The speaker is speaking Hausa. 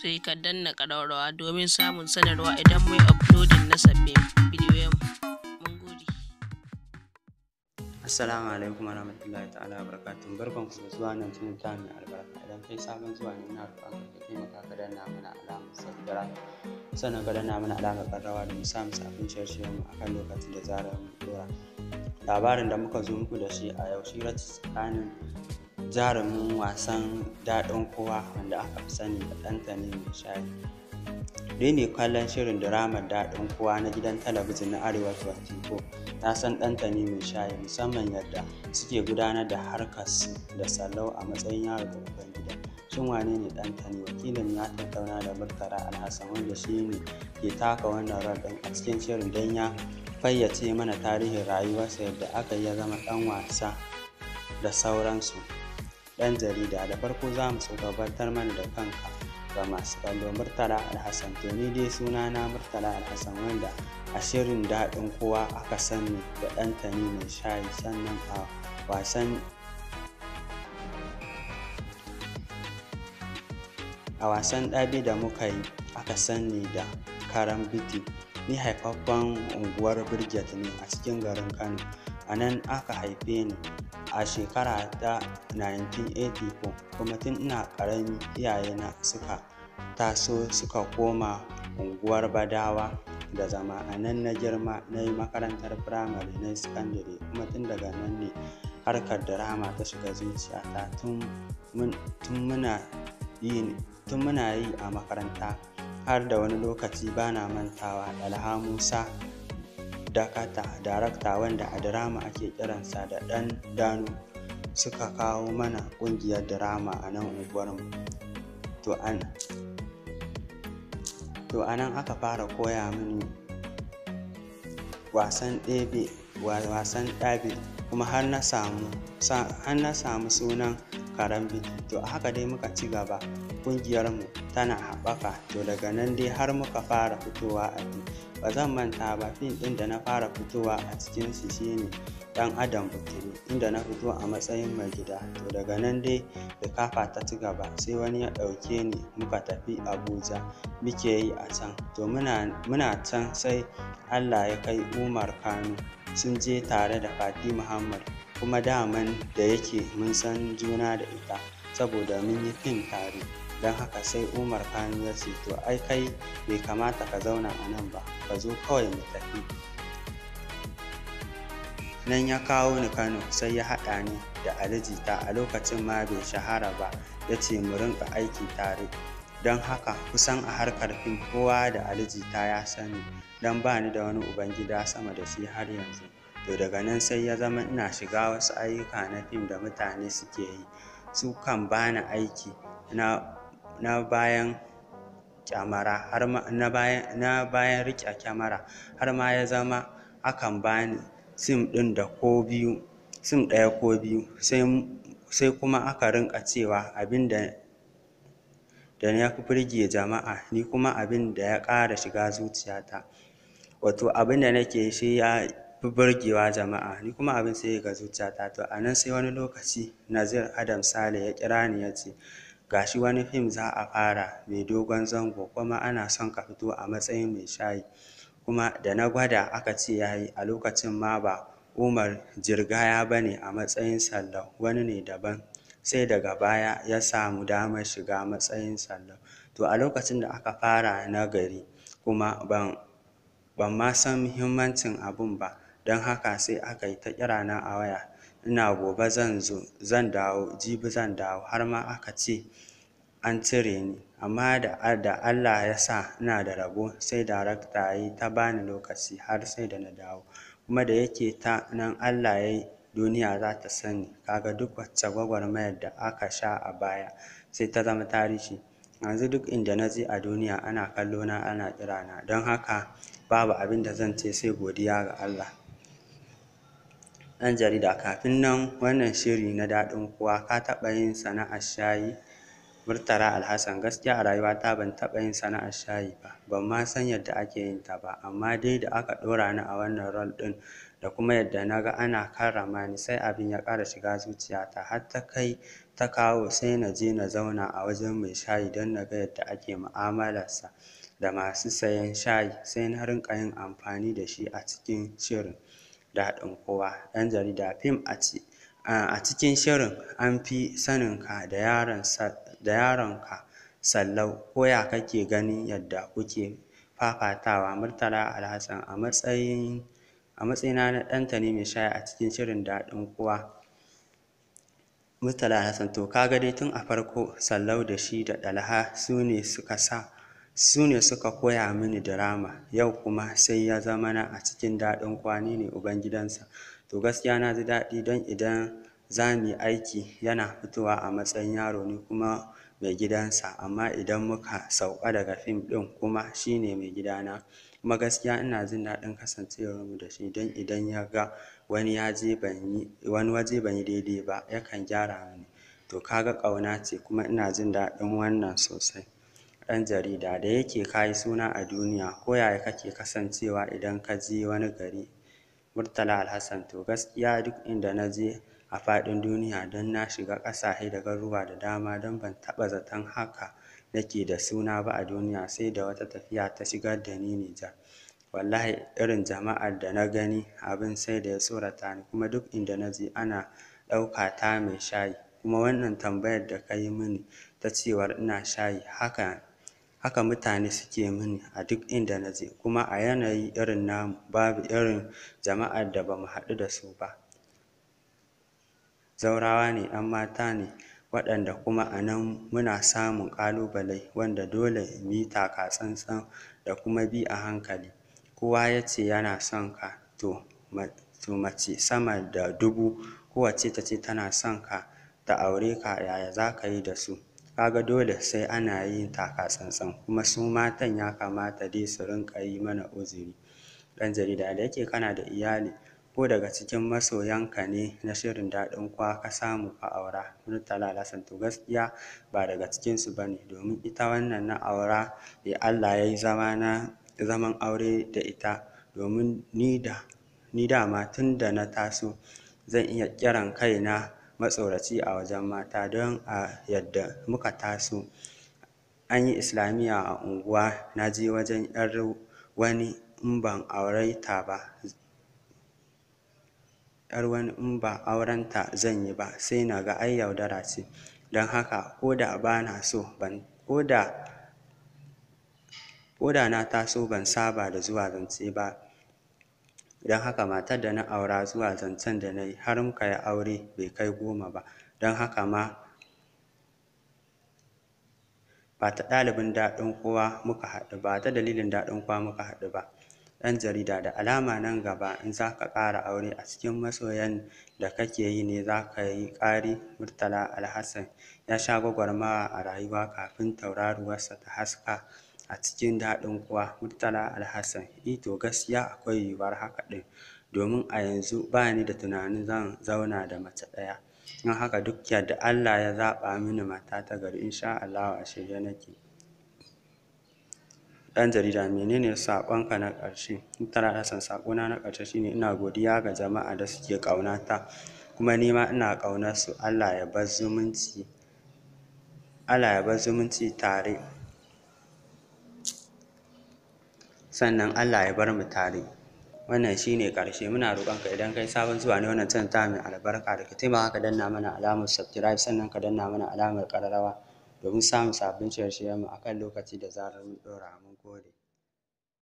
sai ka danna ƙararrawa domin samun sanarwa idan mai uploading na sabbin bidiyoyin mun gode assalamu alaikum wa rahmatullahi ta'ala wa barakatuh barkan ku zuwa nan cikin ta mai albarka idan kai sabon zuwa ne ina roƙon ka taimaka ka danna mana alamar sabbira sannan ka danna mana alamar ƙararrawa domin samun sabbin shirye mu akan lokacin da zarar mu dora labarin da muka zo muku da shi a yau shi tsakanin jarumin wasan daɗin kowa wanda aka fi sani da ɗantane mai shayi dai ne kallon shirin diramar daɗin kowa na gidan talabijin na arewa 24 na san ɗantane mai shayi musamman yadda suke gudanar da harkas da salau a matsayin yaro da babban gida shin wane ne ɗantani wakilin ya tattauna da murtala alhassan wanda shi ne ke taka wannan rawar a cikin shirin don ya fayyace mana tarihin rayuwarsa yadda aka yi ya zama ɗan wasa da sauransu ɗan jarida da farko za mu so gabatar mana da kanka ga masu kallo murtala alhassan to ni dai na murtala alhassan wanda a shirin daɗin kowa aka sani da ɗan tani mai shayi sannan a wasan a wasan ɗabi da muka yi aka sani da karan biti ni haifaffen unguwar birget ne a cikin garin kano a nan aka haife ni a shekara ta 1984 kuma tun ina ƙarami iyayena suka taso suka koma unguwar Badawa da zama a nan na girma na yi makarantar firamare na sakandare kuma tun daga nan ne harkar drama ta shiga zuciyata tun muna yi a makaranta har da wani lokaci bana mantawa alhamusa Musa dakata darakta wanda a drama ake kiransa da ɗan dano suka kawo mana ƙungiyar drama a nan unguwarmu to an to a aka fara koya mini wasan ɗebe wasan ɗabe kuma har na samu har na samu sunan karambi, to a haka dai muka ci gaba ƙungiyarmu tana haɓaka to daga nan dai har muka fara fitowa a ba zan manta ba fim ɗin da na fara fitowa a cikin su shine ɗan adam buturu inda na fito a matsayin mai gida to daga nan dai da kafa ta ci gaba sai wani ya ɗauke ni muka tafi abuja muke yi a can to muna can sai allah ya kai umar kano sun je tare da fati muhammad kuma daman da yake mun san juna da ita saboda mun yi fim tare don haka sai umar kanu ya ce to ai kai bai kamata ka zauna a nan ba ka zo kawai mu tafi nan ya kawo ni kano sai ya haɗa ni da alijita a lokacin ma bai shahara ba ya ce mu rinka aiki tare don haka kusan a harkar fim kowa da alijita ya sani don ba ni da wani ubangida sama da shi har yanzu to daga nan sai ya zama ina shiga wasu ayyuka na fim da mutane suke yi su kan bani aiki na na bayan kyamara har ma na bayan na bayan riƙe kyamara har ma ya zama akan bani sim ɗin da ko biyu sim ɗaya ko biyu sai sai kuma aka rinƙa cewa abin da da ya fi burge jama'a ni kuma abin da ya ƙara shiga zuciyata wato abin da nake shi ya fi birgewa jama'a ni kuma abin sai ya ga zuciyata to a nan sai wani lokaci Nazir Adam Sale ya kira ni ya ce ga shi wani fim za a fara mai dogon zango kuma ana son ka fito a matsayin mai shayi kuma da na gwada aka ce ya yi a lokacin ma ba Umar Jirgaya ba ne a matsayin Sallau wani ne daban sai daga baya ya samu damar shiga matsayin Sallau to a lokacin da aka fara na gari kuma ban ban ma san muhimmancin abun ba don haka sai aka yi ta kirana a waya ina gobe zan zo zan dawo jibi zan dawo har ma aka ce an cire ni amma da Allah ya sa ina da rabo sai darakta ya yi ta bani lokaci har sai da na dawo kuma da yake ta nan Allah ya yi duniya za ta sani kaga duk wacce gwagwarmayar da aka sha a baya sai ta zama tarihi yanzu duk inda na je a duniya ana kallona, ana kirana, don haka babu abin da zan ce sai godiya ga Allah ɗan jarida kafin nan wannan shiri na daɗin kowa ka taɓa yin sana'ar shayi Murtala Alhassan gaskiya a ta ban taɓa yin sana'ar shayi ba ban ma san yadda ake yin ta ba amma dai da aka ɗora ni a wannan rol ɗin da kuma yadda na ga ana karrama ni sai abin ya ƙara shiga zuciyata har ta kai ta kawo sai na je na zauna a wajen mai shayi don na ga yadda ake mu'amalarsa da masu sayen shayi sai na rinƙa yin amfani da shi a cikin shirin da haɗin kowa ɗan jarida fim a ce a cikin shirin an fi sanin ka da yaron ka Sallau ko ya kake ganin yadda kuke fafatawa Murtala Alhassan a matsayin a matsayina na ɗan Shaya a cikin shirin daɗin kowa Murtala Alhassan to ka dai tun a farko Sallau da shi da Ɗalha su ne suka sa Su ne suka koya mini drama yau kuma sai ya zama na a cikin daɗin kwani ne ubangidansa. To gaskiya na ji daɗi don idan za mu aiki yana fitowa a matsayin yaro ne kuma mai gidansa, Amma idan muka sauka daga fim ɗin kuma shi ne mai gidana, Kuma gaskiya ina jin daɗin kasancewar mu da shi don idan ya ga wani waje ban yi daidai ba yakan gyara mini. To kaga ƙauna ce kuma ina jin daɗin wannan sosai. ɗan jarida da yake ka suna a duniya ko yaya kake kasancewa idan ka je wani gari Murtala Alhassan to gaskiya duk inda na je a faɗin duniya don na shiga ƙasashe da garuruwa da dama don ban taɓa zaton haka nake da suna ba a duniya sai da wata tafiya ta shigar da ni nija. wallahi irin jama'ar da na gani abin sai da ya tsorata ni kuma duk inda na je ana ɗauka ta mai shayi kuma wannan tambayar da ka yi mini ta cewar ina shayi haka haka mutane suke mini a duk inda na je kuma a yanayi irin namu babu irin jama'ar da ba mu haɗu da su ba zaurawa ne 'yan mata ne waɗanda kuma a nan muna samun ƙalubale wanda dole mu yi taka tsantsan da kuma bi a hankali kowa ya ce yana son ka to mace sama da dubu kowacce ta ce tana son ka ta aure ka yaya za ka yi da su kaga dole sai ana yin taka tsantsan kuma su matan ya kamata dai su rinƙa yi mana uzuri ɗan jarida da yake kana da iyali ko daga cikin masoyanka ne na shirin daɗin kwa ka samu ka aura Murtala Alhassan to gaskiya ba daga cikinsu ba ne domin ita wannan na aura ya eh, Allah ya yi zama na zaman aure da ita domin ni da ni dama tun da na taso zan iya kiran kaina matsoraci a wajen mata don a yadda muka taso an yi islamiyya a unguwa na je wajen yar wani in ban aure ba yar wani in ba zan yi ba sai na ga ai yaudara ce don haka ko da ba na so ko da ko da na taso ban saba da zuwa zance ba don haka matar da na aura zuwa zancen da na yi har muka yi aure bai kai goma ba don haka ma ba ta ɗalibin daɗin kowa muka haɗu ba ta dalilin daɗin kowa muka haɗu ba ɗan jarida da alama nan gaba in za ka ƙara aure a cikin masoyan da kake yi ne za ka yi ƙari murtala alhassan ya sha gwagwarmawa a rayuwa kafin tauraruwarsa ta haska a cikin daɗin kuwa Murtala Alhassan Ito eh gaskiya akwai yiwuwar haka ɗin domin a yanzu ba ni da tunanin zan zauna da mace ɗaya don haka duk yadda Allah ya zaɓa mini mata ta gari in sha Allahu a shirye nake ɗan jarida menene saƙonka na ƙarshe Murtala Alhassan saƙona na ƙarshe shine ina godiya ga jama'a da suke ƙaunata kuma ni ma ina ƙaunar su Allah ya bar zumunci Allah ya bar zumunci tare sannan Allah ya bar mu tare wannan shi ne ƙarshe muna roƙonka idan kai sabon zuwa ne wannan tana ta mai albarka da ka taimaka ka danna mana alamar subscribe sannan ka danna mana alamar ƙararrawa domin samun sabbin shirye-shiryenmu akan lokaci da zarar mun ɗora mun gode